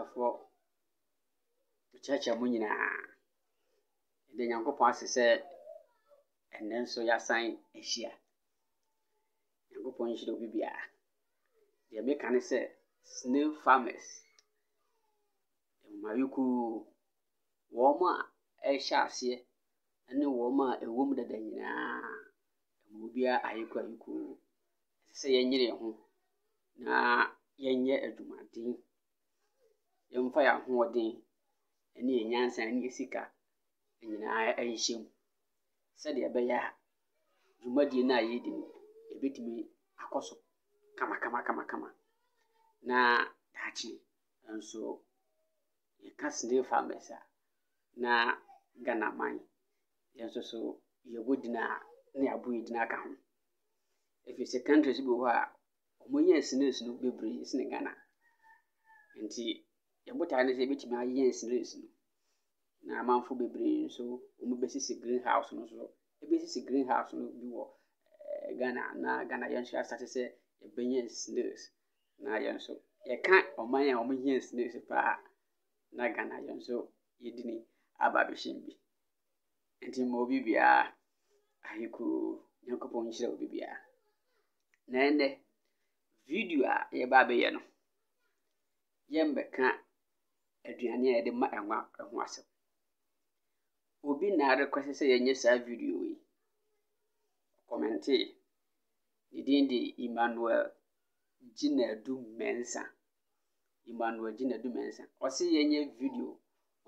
abusuafoɔ mekyerɛkyerɛ mo nyinaa ɛde nyankopɔn ase sɛ ɛnnɛ nso yɛasan ahyia nyankopɔn nhyira obi biara deɛ meka ne sɛ snail farmers mmayokuu wɔn a ɛhyɛ aseɛ ne wɔn a ɛwɔ mu dada nyinaa ɛmu obiara ayeko ayekoo ɛsɛ sɛ yɛnyere ho na yɛnyɛ adwumaden yɛmfa yɛn ahoɔden ne yɛn nyansa ne yɛn sika nyinaa ɛnhyɛ mu sɛdeɛ ɛbɛyɛ a dwumadie no a yɛredi no ɛbɛtumi akɔ so kamakamakamakama na daakye nso yɛka snail farmers a na ghana man yɛn nso so yɛbɔ din a ne abo yɛ din aka ho ɛfiri sɛ countries bi wɔ hɔ a wɔyɛ snails no bebree sene ghana nti yɛn botaeɛ no sɛ yɛbɛtumi ayɛ nsinoesino na amanfo bebree nso wɔn bɛsisi green house no so ebesisi green house no bi wɔ ɛɛ eh, ghana na ghana yɛn nso asate sɛ yɛbɛnyɛ snails na yɛn nso yɛka ɔman a wɔyɛ snails paa na ghana yɛn nso yɛdi ni aba abɛhyɛm bi nti ma obi biara ahekoo nyankopɔn nhyira obi biara na ɛnɛ video a yɛba abɛyɛ no yɛn bɛka aduane a yɛde ma ɛnwa ho asɛm obi na rekwɛsɛ sɛ yɛnyɛ saa video yi kɔmɛntee ne din de emmanuel gyinadu mɛnsa emmanuel gyinadu mɛnsa ɔse yɛnyɛ video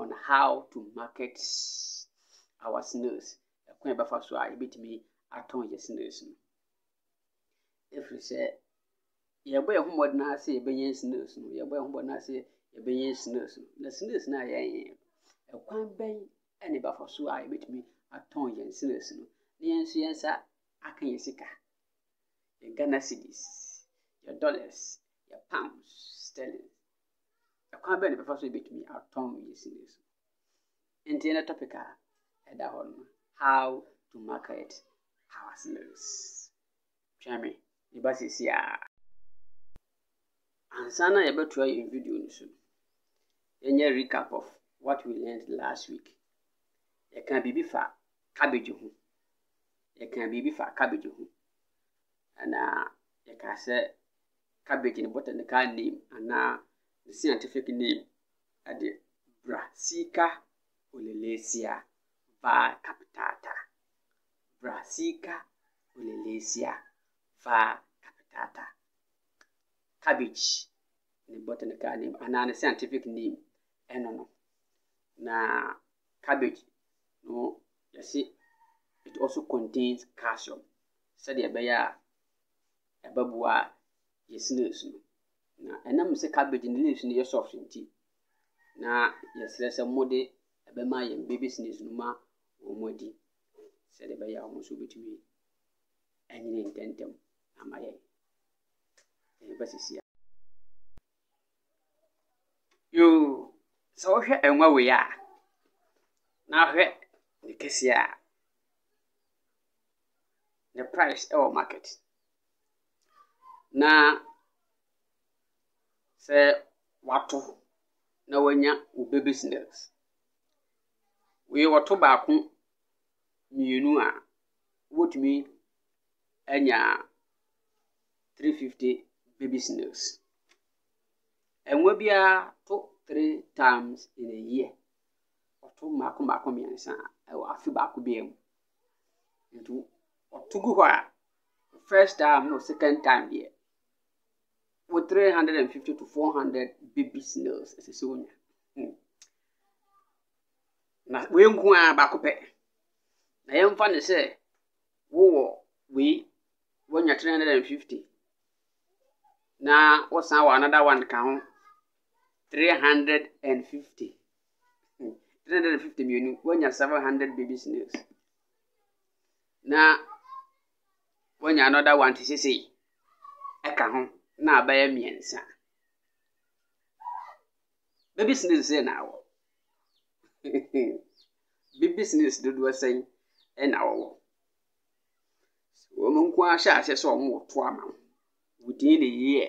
on how to market our snails ɛkwan a yɛbɛfa so a yɛbɛtumi atɔn yɛ snails no ɛfiri sɛ yɛbɔ yɛn ho mmɔden ase yɛbɛnyɛ snails no yɛbɔ yɛn ho mmɔden ase yɛbɛyɛ snails no na snails no a yɛnyɛ ɛkwan bɛn ɛne bɛfa so a yɛbɛtumi atɔn yɛn snails no na yɛn nso yɛn nsa aka yɛn sika yɛn ghana cedis yɛn dollars yɛn pounds sterling ɛkwan bɛn ne bɛfa so yɛbɛtumi atɔn yɛn snails no nti yɛn topic a ɛda hɔ no how to market our snails twɛn me ne ba sisi a ansa na yɛbɛtoa yɛn video no so no yɛnyɛ recap of what we learned last week yɛka biribi fa cabbage ho yɛka biribi fa cabbage ho anaa yɛka sɛ cabbage ne botanical name anaa uh, the scientific name ɛde brassica olelacea var capitata brassica olelacea var capitata cabbage ne botanical name anaa ne uh, scientific name ɛno no na cabbage no yɛse it also contains calcium sɛdeɛ ɛbɛyɛ a ɛbɛboa a yɛsi no asu na ɛnam sɛ cabbage no leaves no yɛ soft nti na yɛsrɛ sɛ mode ɛbɛma yɛn baby snails no ma wɔn mo adi sɛdeɛ ɛbɛyɛ a wɔn nso bɛtumi anyini ntɛntɛm ama yɛn yɛn bɛsisi a. yoo. Sɛ wohwɛ ɛnwa wei a na ahwɛ ne kɛseɛ a ne price ɛwɔ market na sɛ wato na wanya wo baby snails wei wɔto baako mmienu a wobɛtumi anya 350 baby snails ɛnwa biara to three times in a year ɔto mmaako mmaako mmiɛnsa ɛwɔ afe baako bia mu nti ɔto gu hɔ a first time no second time deɛ wɔ three hundred and fifty to four hundred baby snails ɛsɛ sɛ onya hmm. na wei nko a baako pɛ na yɛmfa ne sɛ wowɔ wei wɔnya three hundred and fifty na wɔsan wɔ another one ka ho 350. 350 mmienu wanya 700 baby snails. Na wanya another one te sesei ɛka ho na abɛyɛ mmiɛnsa. Baby snails sɛ na awɔ. baby snails dodoɔ sɛn ɛna wɔwɔ. Wɔn nko ara hyɛ ahyɛ sɛ wɔn wɔ to ama wɔn. Wɔdin ne yie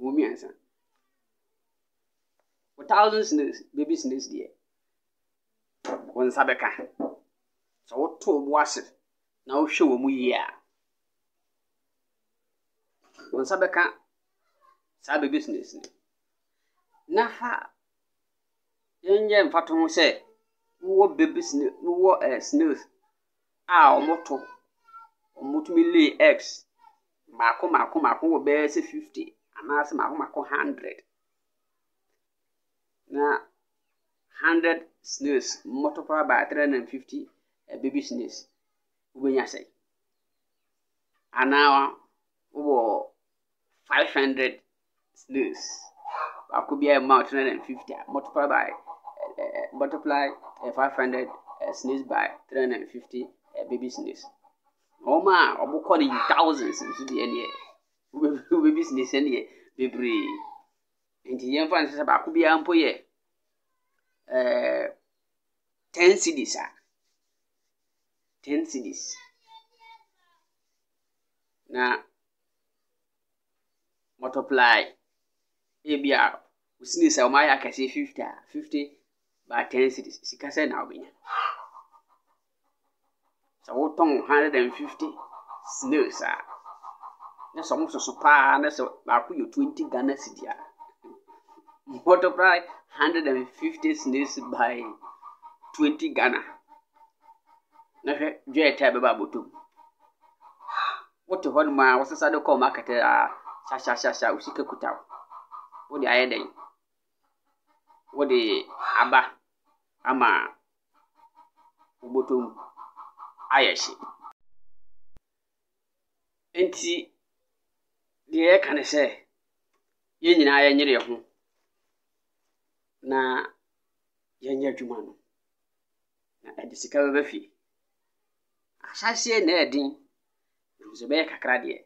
wɔn mmiɛnsa. for thousand baby snails deɛ wɔn nsa bɛka sɛ ase na wohwɛ wɔ mu yie a wɔn nsa bɛka saa baby no na fa yɛnyɛ mfato ho sɛ wowɔ baby snails wowɔ ɛɛ snails a wɔto wɔtumi lay eggs wɔ bɛyɛ sɛ fifty anaasɛ na 100 snails multiplied by 350 a baby snails wobɛnya sɛ anaa wowɔ 500 snails baako biara ma 350 multiplied by uh, multiply uh, 500 uh, snails by 350 uh, baby snails wɔma a wɔbɛkɔ no yi thousands nso deɛ neɛ wobɛbi snails ɛneɛ bebree nti yɛmfa no sɛ baako biara mpo yɛ ɛɛ eh, ten cities a ten cities na multiply ebi a osini sɛ ɔmo ayɛ akɛseɛ fifty a fifty by ten cities sika sɛ na ɔbɛnya sɛ wotɔn hundred and fifty snails a ne sɛ ɔmo soso paa ne sɛ baako yɛ twenty ghana city a multiply 150 snails by 20 Ghana na hwɛ dwa ɛtaa bɛba abɔtɔ mu wote hɔ nom a wɔsesa de kɔɔ market a hyahyɛhyɛhyɛ wo sika kuta wo wode ayɛ dɛn wode aba ama wobɔtɔ mu ayɛ hye nti deɛ yɛka ne sɛ yɛn nyinaa yɛnyere yɛ ho na yɛnyɛ adwuma no na ɛde sika bɛba fie ahyɛseɛ na ɛden nanso bɛyɛ kakra deɛ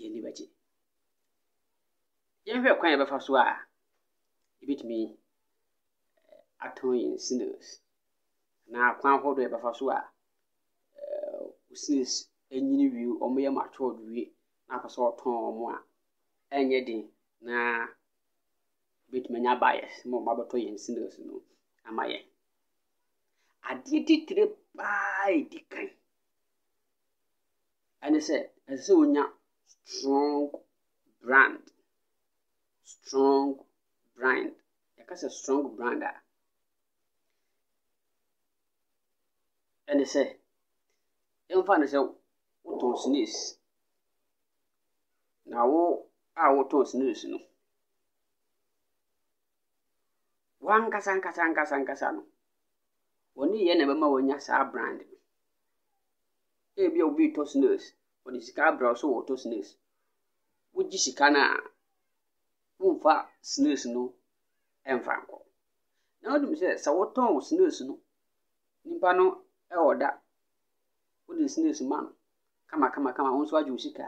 yɛni bɛgye yɛnhwɛ kwan yɛbɛfa so a yɛbɛtumi eh, atɔn yɛn sinners na kwan ahodoɔ yɛbɛfa so a eh, sinners enyini wie ɔmo yɛ matɔɔd wie na apɛ ɔtɔn ɔmo a ɛnyɛ den naa. bɛtumi anya bias ma ɔmo abɛtɔ yɛn sinners no ama yɛn adeɛ titire paa edi kan ɛne sɛ ɛsɛ sɛ wonya strong brand strong brand yɛka sɛ strong brand a ɛne sɛ yɛmfa no sɛ wotɔn sneeze na wo a wotɔn sneeze no w'ankasa nkasa nkasa nkasa no wɔne yɛ na ɛbɛma wɔnya saa brand ebi a obi tɔ snails wɔde sika abrɛw so wɔtɔ snails wogye sika no a womfa snails no ɛmfa nkɔ na wodum sɛ sɛ wotɔn snails no nipa no ɛwɔ da wode snails ma no kama wo nso agye wo sika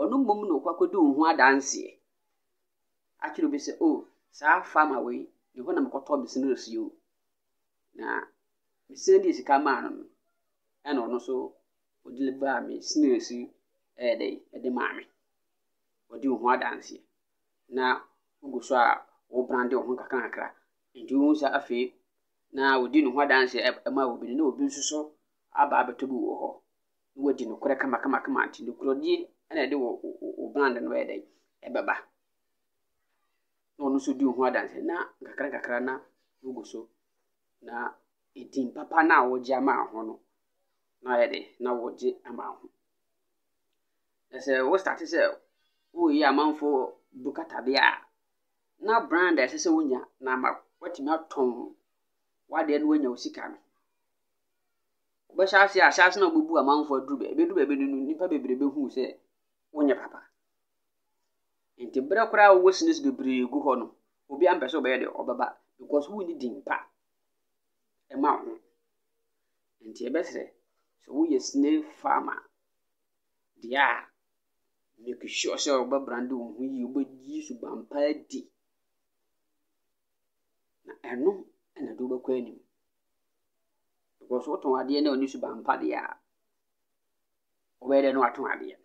ɔno mmom na ɔkɔ akɔdi wo ho adanseɛ akyerɛ obi sɛ o oh, saa fama wei ɛhɔ na mekɔtɔɔ mesene rasuo na mesene de sika maa no no ɛna ɔno nso ɔde baa mesene rasi ɛyɛ dɛ ɛde maa me ɔde wo ho adanseɛ na wogu so a wobrande wo ho kakrakra nti wohu sɛ afei na wɔdi ne ho adanseɛ ɛma wɔ bi na obi nso so aba abɛtɔ bi wɔ hɔ na wadi nokorɛ kamakamakama nti nokorɔdie ɛna ɛde wɔ wo brande no ɛyɛ dɛ ɛbɛba ɔno nso di ho adanse na nkakrakakra na ogu so na edin papa na a wɔgye ama ho no na yɛde na wɔgye ama ho na sɛ wostate sɛ woyi amanfo bukatabe a na brand a ɛsɛ sɛ wonya na ama watumi atɔn wadeɛ no wanya wo sika no wobɛhyɛ ase a ahyɛ ase na wobɛbu amanfo aduru baabi aduru baabi no no nnipa bebree bɛhuu sɛ wonyɛ papa nti berɛ koraa a wowɔ sinis bebree gu hɔ no obiara mpɛ sɛ ɔbɛyɛ deɛ ɔbɛba because wonni din pa ɛma wo ho nti ɛbɛserɛ sɛ woyɛ snail farmer deɛ a make sure sɛ wobɛbrande wo ho yie wobɛyi suban pa adi na ɛno ɛna de wobɛkɔ anim because wotɔn adeɛ na ɔni suban pa deɛ a wobɛyɛ dɛ na watɔn adeɛ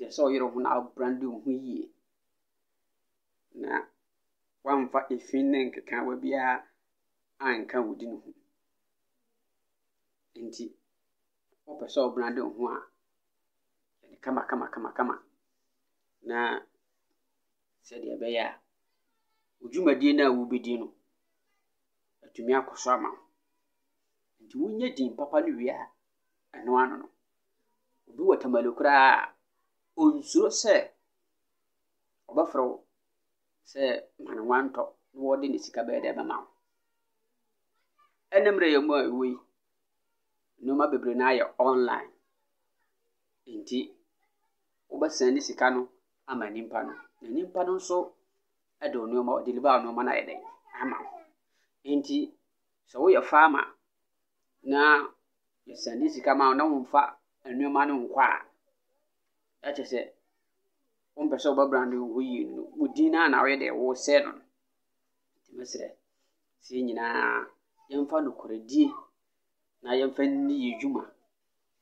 kyɛ sɛ ɔyerɛ ho na abrande wo ho yie na woamfa ɛfin ne nkekaawa biara anka wo di no ho nti wopɛ sɛ ɔbrande ho a yɛde kama kama kama kama na sɛdeɛ ɛbɛyɛ a odwumadie no a wobɛdi no atumi akɔ so ama wo nti wonyɛ din papa no wie a ɛno ano no obi wɔ tamale koraa ɔnsuro sɛ ɔbɛfrɛ wo sɛ manewantɔ na wɔde ne sika bɛyɛ dɛ bɛma wo ɛnɛ mmerɛ yɛ mu a ɛwɔ yi nneɔma bebree no ayɛ online nti wobɛsan ne sika no ama nipa no na nipa no nso ɛde nneɔma ɔde liba nneɔma no ayɛ dɛ ama wo nti sɛ woyɛ faama na yɛsan ne sika ma wo na womfa nneɔma no nkɔ a ɛkyɛ sɛ wompɛ sɛ wobɛ brand wo yie no wo din naa na woyɛ deɛ wo sɛ no no nti mɛserɛ sɛ nyinaa yɛmfa nokoradie na yɛmfa nni yɛ dwuma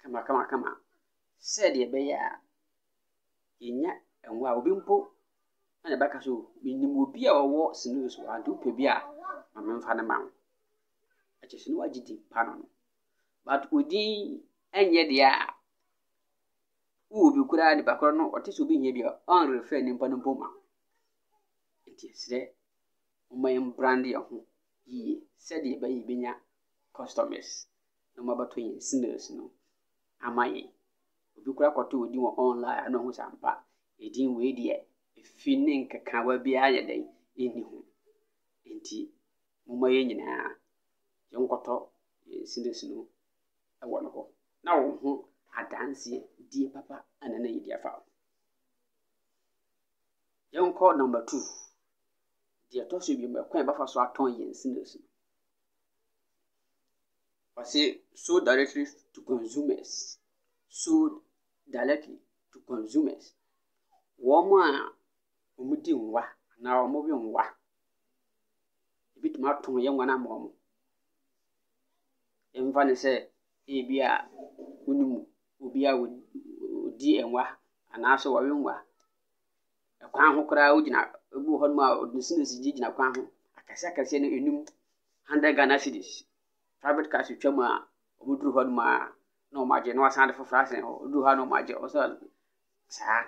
kama kama kama sɛdeɛ ɛbɛyɛ a yɛnya ɛngo a obi mpo na ɛbɛka so menim obi a ɔwɔ sinus wɔ ade wopɛ bi a ma memfa ne ma wo ɛkyɛ sɛ ne woagye din pa no no but odin ɛnyɛ deɛ a obi koraa nipa korɔ no ɔte sɛ obi nyɛ bi a ɔnrefɛ nipa no mpo ma nti ɛsrɛ ɔma yɛn brande yɛn ho yie sɛdeɛ ɛbɛyɛ bɛnya customers na ɔma bɛtɔ yɛn sinners no ama yɛn obi koraa kɔtɔ odin wɔ online ano ho sampa edin wei deɛ efi ne nkekawa biara yɛ dɛn ɛni ho nti moma yɛn nyinaa yɛn kɔtɔ yɛn sinners no ɛwɔ no hɔ na wɔn ho adanseɛ die papa ɛna na yɛdi afa yɛnkɔ number two deɛ ɛtɔ so biom ɛkwan yɛbɛfa so atɔn yɛn sinners ɔse so directly to consumers so directly to consumers wɔn a wɔdi nwa anaa wɔn bi nwa ebi tuma atɔn yɛn wɔn ama wɔn yɛmfa ne sɛ ebi a wɔn mu obi a ɔdi nwa anaasɛ wɔwe nwa ɛkwan ho koraa wogyina ebi wɔ hɔnom a ɔde sinasi gye gyina kwan ho akɛseɛ akɛseɛ no enum hundred ghana cedis private cars twa mu a ɔmoduru hɔnom a na ɔmo agye na wasan de foforɔ asɛn hɔ ɔduru hɔ a na ɔmo agye ɔsɛ saa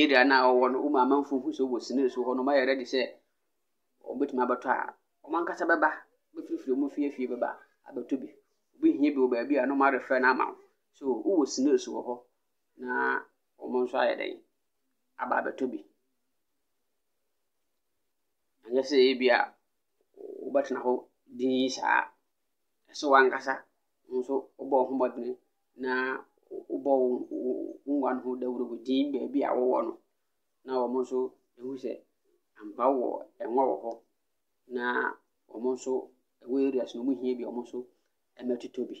area no a ɔwɔ no wo maama mfo hu sɛ wɔ sinasi hɔ no ɔmayɛ ready sɛ ɔmobɛtumi abɛtɔ a ɔmo ankasa bɛba bɛfirifiri ɔmo fiefie bɛba abɛtɔ bi behia bi wɔ baabi a na ɔmo arefrɛ no ama wo so wowɔ snails wɔ hɔ na ɔmo nso ayɛ dɛn aba abɛtɔ bi anyɛ sɛ ebi a wobɛtena hɔ din saa ɛsɛ wankasa nso wobɔ wo ho bɔdene na wobɔ wo nwa no ho dawuro din baabi a wowɔ no na ɔmo nso ehu sɛ ampa wɔ ɛnwa wɔ hɔ na ɔmo nso ɛwɔ areas no ɔmo hia bi ɔmo nso emetụta obi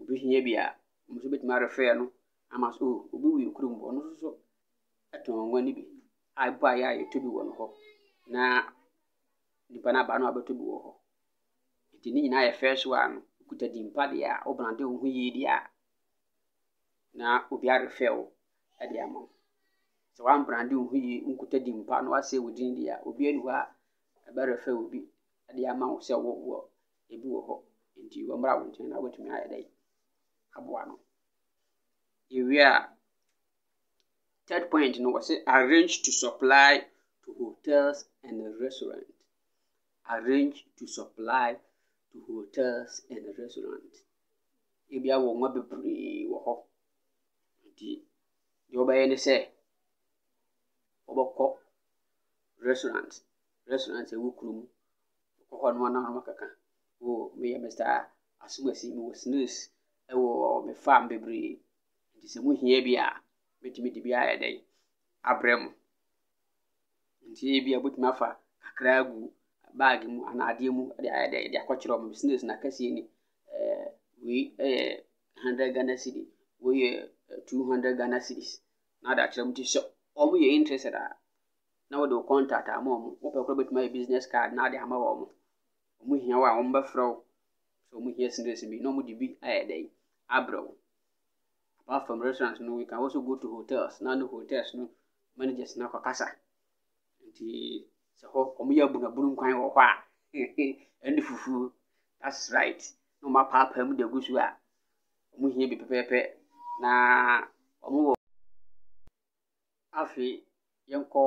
obi hinya bi a ɔno nso bɛtumi arefɛɛ no ama so o oh, obi wɔ kurom hɔ ɔno nso tɔn nwa no bi a ɛbɔ ayɛ a yɛtɔ bi wɔ no hɔ na nipa no aba no abɛtɔ bi wɔ hɔ nti ne nyinaa yɛ fɛɛ so a no kuta dimpa deɛ a wobrante wo ho yie deɛ a na obi arefɛɛ wo de ama wo sɛ woambrante wo ho yie nkuta dimpa na woasɛ wo din deɛ a obi ani hɔ a ɛbɛrefɛ wo bi de ama wo sɛ wo wɔ ebi wɔ hɔ nti wɔmmra wo nkyɛn na wɔatumi ayɛ dɛ aboa no ewie a third point no wɔsɛ arrange to supply to hotels and restaurant arrange to supply to hotels and restaurant ebi awɔ nwa bebree wɔ hɔ nti deɛ wɔbɛyɛ ne sɛ wɔbɛkɔ restaurant restaurant ɛwɔ kurom kɔkɔ no na ɔno kaka wo meyɛ mr asomasi mewɔ snus ɛwɔ me farm bebree nti sɛ mohia bi a mɛtumi de bi ayɛ dɛn abrɛ mu nti bi a bɛtumi afa kakra agu baage mu anaa adeɛ mu de ayɛ dɛn de akɔkyerɛ ɔmo snus na kɛseɛ ni ɛɛ wei ɛyɛ hundred ghana cedi wei yɛ two hundred ghana cedis na ade akyerɛ mu ti sɛ ɔmo yɛ interested a na wɔde wo contact ama wɔn wopɛ koro bɛtumi ayɛ business card na ade ama wɔn wɔn hia wɔ a wɔn bɛfrɛ wo so wɔn hia sindesi bi na wɔn de bi ayɛ dɛ abrɛ wo apart from restaurants no we can also go to hotels na no hotels no managers na kɔ kasa nti sɛ hɔ wɔn yɛ abunabunu kwan wɔ hɔ a ɛne fufuo that's right na wɔn apaapaa mu de gu so a wɔn hia bi pɛpɛɛpɛ na wɔn wɔ afei yɛnkɔ.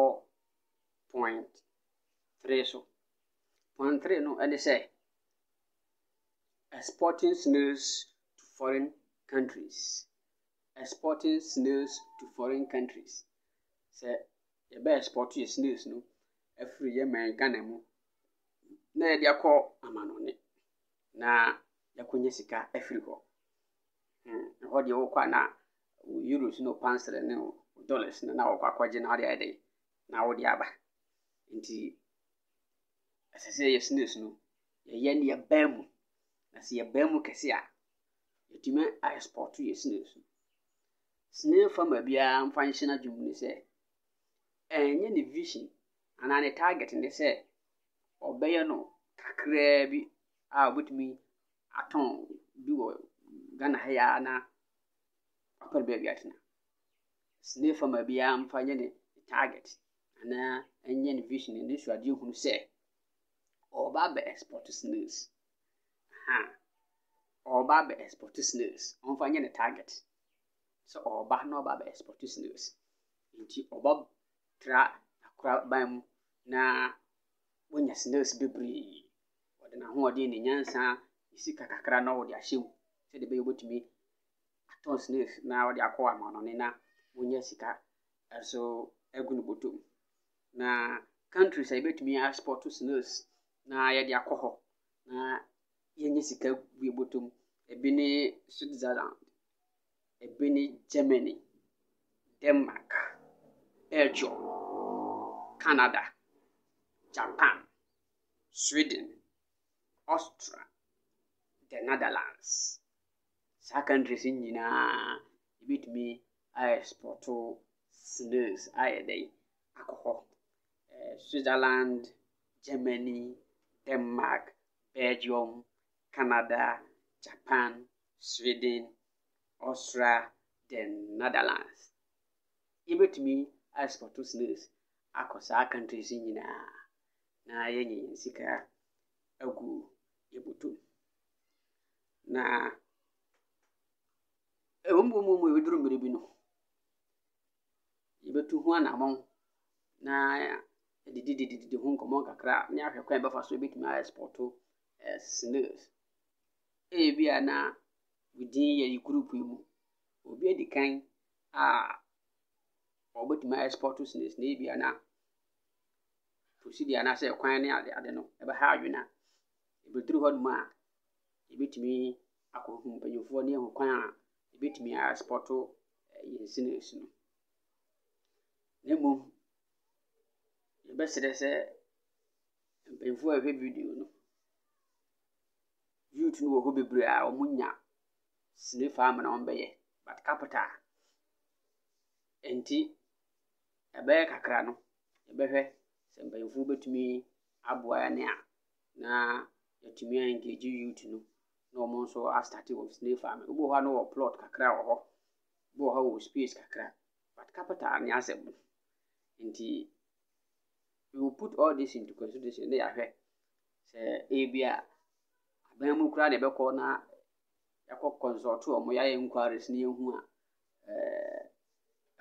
point 0.3 no and they say exporting snails to foreign countries exporting snails to foreign countries sɛ yɛbɛ export yɛ snails no afiri yɛ mɛn ghana mu na yɛde akɔ amanɔne na yɛakɔnya sika afiri hɔ ɛhɔ deɛ wokɔ ana euros ne pounds ne dollars na wɔkɔ akɔgye na wode ayɛ dɛn na wode aba nti ɛsɛ sɛ yɛ sno sno yɛyɛ no yɛbaa mu na sɛ yɛbaa mu kɛse a yɛtumi aexpɔto yɛ sno sno sne fama biara mfa nhyɛ no adwom ne sɛ ɛnyɛ ne vision anaa ne target ne sɛ ɔbɛyɛ no kakraa bi a wobɛtumi atɔn bi wɔ ghana ha yaa na ɔpɛre baabi atena sne fama biara mfa nyɛ ne target anaa ɛnyɛ no vision ne suadeɛ hunu sɛ ɔreba abɛ export snails ha ɔreba abɛ export snails ɔmfa nyɛ ne target sɛ ɔreba na ɔba abɛ export snails nti ɔba tra akora ban mu na wonya snails bebree ɔde n'ahoɔden ne nyansa ne sika kakra na ɔde ahyɛ mu sɛdeɛ ɛbɛyɛ wobɛtumi atɔn snails na ɔde akɔ amanɔne na wonya sika ɛso agu ne bɔtɔ mu na countries a yɛbɛtumi export snails na yɛde akɔ hɔ na yɛnyɛ sika gu yɛbɔtɔ mu ebi ne switzerland ebi ne germany denmark belgium canada japan sweden austria the netherlands saa countries nyinaa yɛbɛtumi a exporto snails ayɛ dɛn akɔ hɔ Switzerland, Germany, Denmark, Belgium, Canada, Japan, Sweden, Austria, the Netherlands. Yɛbɛtumi aexpɔto snails akɔ saa countries nyinaa na yɛanya yɛn sika agu yɛbɔtom. Na ɛwɔ e mu mmom ɛbɛduru mmiri bi no, yɛbɛtu ho anammɔn na dididididi ho nkɔmmɔ nkakra ne ahwɛ kwan bɛfa so bɛtumi ayɛ spɔto snails ɛyɛ bi a na din yɛ group yi mu obi adi kan a ɔbɛtumi ayɛ spɔto snails na ɛyɛ bi a na procedure anaasɛ kwan ne ade ade no ɛbɛha adwene a hɔ nom a ɛbɛtumi akɔ hu mpanyinfoɔ ne ɛho kwan a ɛbɛtumi ayɛ spɔto yɛn snails no na mmom yɛbɛserɛ sɛ mpanyimfoɔ a ɛhwɛ video no youth no wɔ hɔ bebree a wɔn nya sini farm na wɔn bɛyɛ but capital nti ɛbɛyɛ kakra no yɛbɛhwɛ sɛ mpanyimfoɔ bɛtumi aboa ne a na yɛtumi engage youth no na wɔn nso astate wɔ sini farm ebi wɔ hɔ a no wɔ plot kakra wɔ hɔ ebi wɔ hɔ wɔ space kakra but capital ne asɛm no nti. we will put all this into consideration na yɛahwɛ sɛ ebi a aban mu kura na ɛbɛkɔ na yɛkɔ consult wɔ mo yɛayɛ inquiries na yɛhu a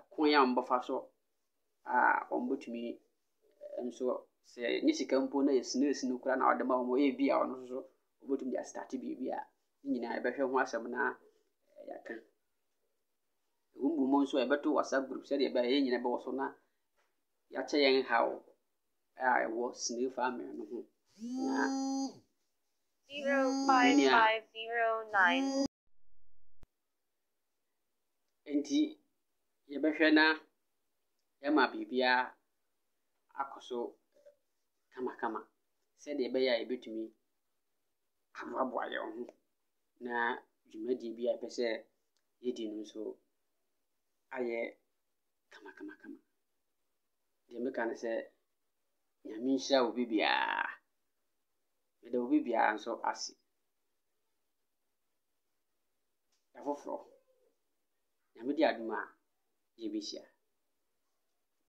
ɛko a mbɔfa so a wɔmbɛtumi nso sɛ nye sika mpo na yɛsina esina koraa na ɔde ma wɔn ebi a ɔno nso wɔbɛtumi de asitati biribi a ne nyinaa yɛbɛhwɛ ho asɛm na yɛaka ɛwɔ mu nso a yɛbɛto whatsapp group sɛdeɛ ɛbɛyɛ yɛn nyinaa bɛwɔ so na yɛakyɛ yɛn haw a ɛwɔ Snailfa Amena no ho na nti yɛbɛhwɛ na yɛma biribiaa akɔ so kamakama sɛdeɛ ɛbɛyɛ a yɛbɛtumi aboaboa yɛn ho na dwumadie bi a ɛpɛ sɛ yɛdi no nso ayɛ kamakamakama deɛ meka ne sɛ nyame nhyira obi biara meda obi biara nso ase da foforɔ nyame di adom a yɛbɛhyia